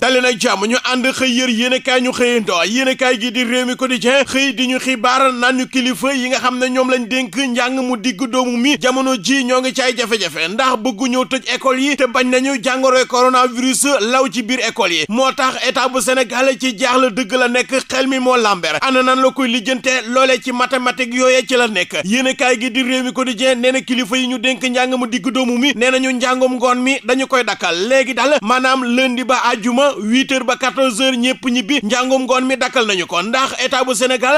dali nag jàmm ñu ànd xëy yër yéenekaay ñu xëyandoo yéenekaay gi di Rewmi Quotidien xëy di ñu xibaar naan ñu kilifa yi nga xam ne ñoom lañ dénk njàng mu digg doomu mi jamono ji ñoo ngi ci ay jafe-jafe ndax bëggu ñoo tëj école yi te bañ nañu jàngoroy coronavirus law ci biir école yi moo tax état bu Sénégal ci jaaxle dëgg la nekk xel mi moo làmber ana nan la koy lijjante loole ci mathématique yooyee ci la nekk yéenekaay gi di Rewmi Quotidien nee na kilifa yi ñu dénk njàng mu digg doomu mi nee nañu njàngum ngoon mi dañu koy dakkal léegi daal na huit heures ba quatorze heures ñëpp ñibbi njàngum ngoon mi dakkal nañu ko ndax état bu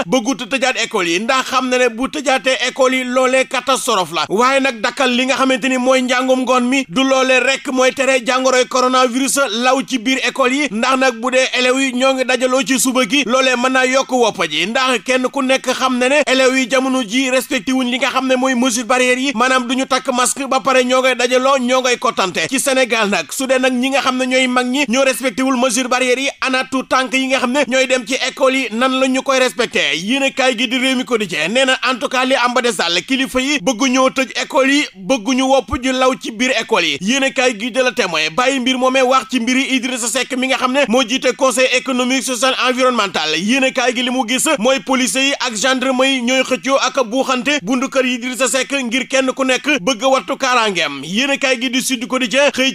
bëggut tëjaat école yi ndax xam na ne bu tëjaatee école yi loolee catastrophe la waaye nag dakkal li nga xamante ni mooy njàngum ngoon mi du loolee rek mooy tere jàngoroy coronavirus law ci biir école yi ndax nag bu dee élèves yi ñoo ngi dajaloo ci suba gi loolee mën naa yokk woppa ji ndax kenn ku nekk xam na ne élèves yi jamono ji respecté wuñ li nga xam ne mooy mesure barrière yi maanaam duñu takk masque ba pare ñoo ngay dajaloo ñoo ngay kottante ci Sénégal nag su dee nag mag ñi ñoo respecté respectéwul mesure barrière yi ana tànk yi nga xam ne ñooy dem ci école yi nan la ñu koy respecté yéen gi di réew mi ko di cee nee na en tout cas li am ba des daal kilifa yi bëggu ñoo tëj école yi bëgguñu wopp ju law ci biir école yi yéen a kaay gi de la témoin bàyyi mbir moomee wax ci mbiri Idrissa Seck mi nga xam ne moo jiite conseil économique social environnemental yéen a kaay gi li mu gis mooy policiers yi ak gendarme yi ñooy xëccoo ak buuxante bundu kër Idrissa Seck ngir kenn ku nekk bëgg wattu kaaraangeem yéen a kaay gi di Sud Quotidien xëy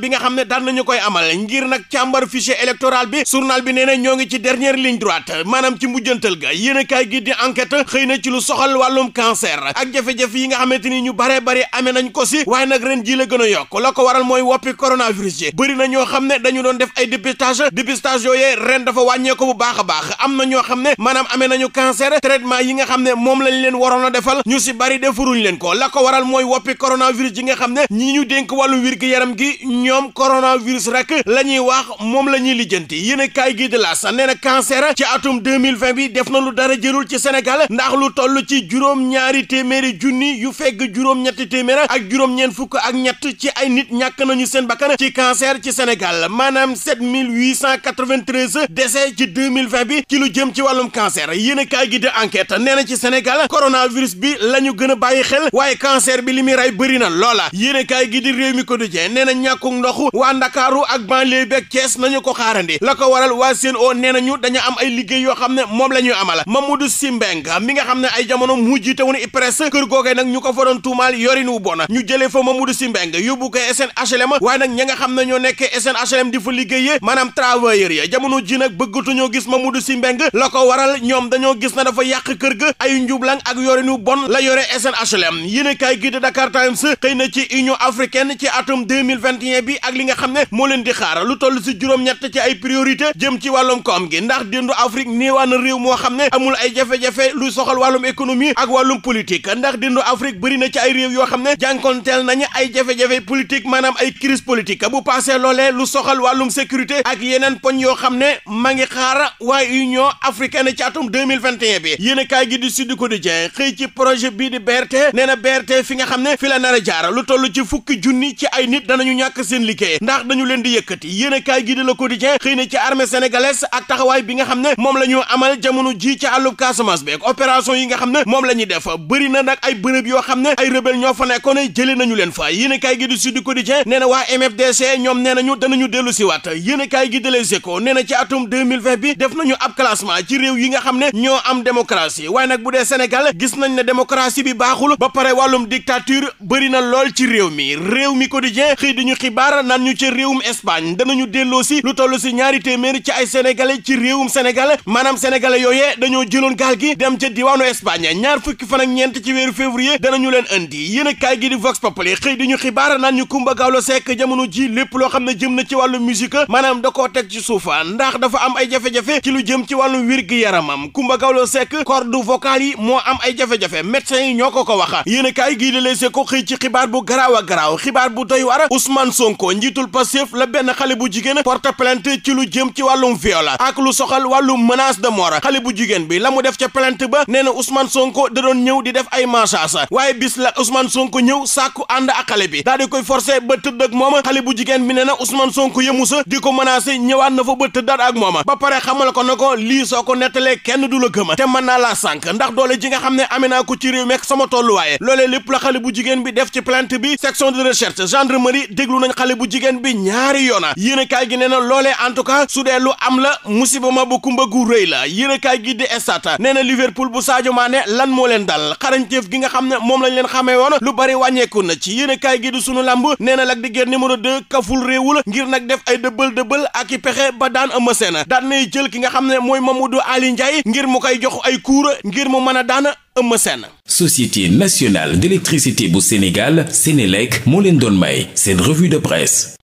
bi nga xam ne daan nañu koy amal ngir nag càmbar fichier électoral bi journal bi nee na ñoo ngi ci dernière ligne droite maanaam ci mujjantal ga yéenekaay gi di enquête xëy na ci lu soxal wàllum cancer ak jafe-jafe yi nga xamante ni ñu bare bare amee nañ ko si waaye nag ren ji la gën a yokk la ko waral mooy woppi coronavirus yi bëri na ñoo xam ne dañu doon def ay dépistage dépistage yooyee ren dafa wàññeeku bu baax a baax am na ñoo xam ne maanaam amee nañu cancer traitement yi nga xam ne moom lañ leen waroon a ñu si bari defuruñ leen ko la ko waral mooy woppi coronavirus yi nga xam ne ñi ñu dénk wàllu wér gi yaram gi ñoom coronavirus rek lañuy baax moom la ñuy lijjanti yéen a kaay gi di laas nee na cancer ci atum bi def na lu dara jërul ci Sénégal ndax lu toll ci juróom-ñaari téeméeri junni yu fegg juróom-ñetti téeméer ak juróom-ñeent fukk ak ñett ci ay nit ñàkk nañu seen bakkan ci cancer ci Sénégal maanaam 7893 décès ci 2020 bi ci lu jëm ci wàllum cancer yéen a gi di enquête nee na ci Sénégal coronavirus bi la ñu gën a bàyyi xel waaye cancer bi li muy rey bëri na loola yéen a kaay gi di réew mi quotidien nee na ñàkkug ndoxu Thiès nañu ko xaarandi la ko waral waa CNO nee nañu dañu am ay liggéey yoo xam ne moom la ñuy amal Mamadou Simbeng mi nga xam ne ay jamono mu jiite woon IPRES kër googee nag ñu ko fa doon tuumaal yorin wu bon ñu jëlee fa Mamadou Simbeng yóbbu ko SNHLM waaye nag ña nga xam ne ñoo nekke nekk SNHLM di fa liggéeyee maanaam travailleurs ya jamono ji nag bëggatuñoo gis Mamadou Simbeng la ko waral ñoom dañoo gis na dafa yàq kër ga ay njublang ak yorin wu bon la yore SNHLM yéen gi xëy na ci Union africaine ci atum 2021 bi ak li nga xam ne moo leen di xaar lu toll toll si juróom-ñett ci ay priorité jëm ci wàllum koom gi ndax déndu Afrique néewaa na réew moo xam ne amul ay jafe-jafe lu soxal wàllum économie ak wàllum politique ndax déndu Afrique bëri na ci ay réew yoo xam ne jànkonteel nañu ay jafe-jafe politique maanaam ay crise politique bu passé loolee lu soxal wàllum sécurité ak yeneen poñ yoo xam ne ma ngi xaar waa Union africaine ci atum 2021 bi yéen kaay gi di Sud Quotidien xëy ci projet bii di BRT nee na BRT fi nga xam ne fi la nar a jaar lu toll ci fukki junni ci ay nit danañu ñàkk seen liggéey ndax dañu leen di yëkkati kaay gi di Le Quotidien xëy na ci armée sénégalaise ak taxawaay bi nga xam ne moom la ñu amal jamono ji ci àllub Casamance beeg opération yi nga xam ne moom la def bëri na nag ay bërëb yoo xam ne ay rebelle ñoo fa nekkoon jëlee nañu leen fa yéen kaay gi di Sud Quotidien nee na waa MFDC ci atum bi def nañu ab classement ci réew yi nga xam ne ñoo am démocratie waaye nag bu dee Sénégal gis nañ ne démocratie bi baaxul ba pare wàllum dictature bëri na lool ci réew delloo si lu toll si ñaari téeméeri ci ay sénégalais ci réewum Sénégal maanaam sénégalais yooyee dañoo jëloon gaal gi dem ca diwaanu Espagne ñaar fukki fan ak ñeent ci weeru février danañu leen indi yéen a kaay gi di Vox Populi xëy di ñu xibaar naan ñu Kumba Gawlo Seck jamono ji lépp loo xam ne jëm na ci wàllu musique maanaam da koo teg ci suufa ndax dafa am ay jafe-jafe ci lu jëm ci wàllu wér gi yaramam Kumba Gawlo Seck corde vocale yi moo am ay jafe-jafe yi ñoo ko ko wax yéen kaay gii di leese ko xëy ci xibaar bu garaaw a garaaw bu doy war Ousmane Sonko njiitul Pastef la benn xale bu jigéen porte plainte ci lu jëm ci wàllum viol ak lu soxal wàllum menace de mort xale bu jigéen bi la mu def ca plainte ba nee na Ousmane Sonko da ñëw di def ay massage waaye bis la Ousmane Sonko ñëw sàkku ànd ak xale bi daal di koy forcé ba tëdd ak moom bu jigéen bi nee na Ousmane Sonko yëmu sa di ko menacé ñëwaat na fa ba tëddaat ak moom ba pare xamal ko na ko lii soo ko nettalee kenn du la gëm te mën naa laa sànk ndax doole ji nga xam ne amee naa ko ci réew meek sama tolluwaaye loolee lépp la xale bu jigéen bi def ci plainte bi section de recherche gendarmerie déglu nañ xale bu jigéen bi ñaari yoona yéenekaay gi nee na loolee en tout cas su dee lu am la musiba ma bu kumba gu rëy la yéenekaay gi di Stades nee na Liverpool bu Sadio Mané lan moo leen dal xarañteef gi nga xam ne moom lañ leen xamee woon lu bari wàññeeku na ci yéenekaay gi di sunu lamb nee na Lac de Guiers numéro 2 kaful réewul ngir nag def ay dëbbal dëbbal ak i pexe ba daan Eumeu Sène daan nay jël ki nga xam ne mooy Mamadou Ali Ndiaye ngir mu koy jox ay kuur ngir mu mën a daan Eumeu Sène Société nationale d'électricité bu Sénégal Sénélec moo leen doon may seen revue de presse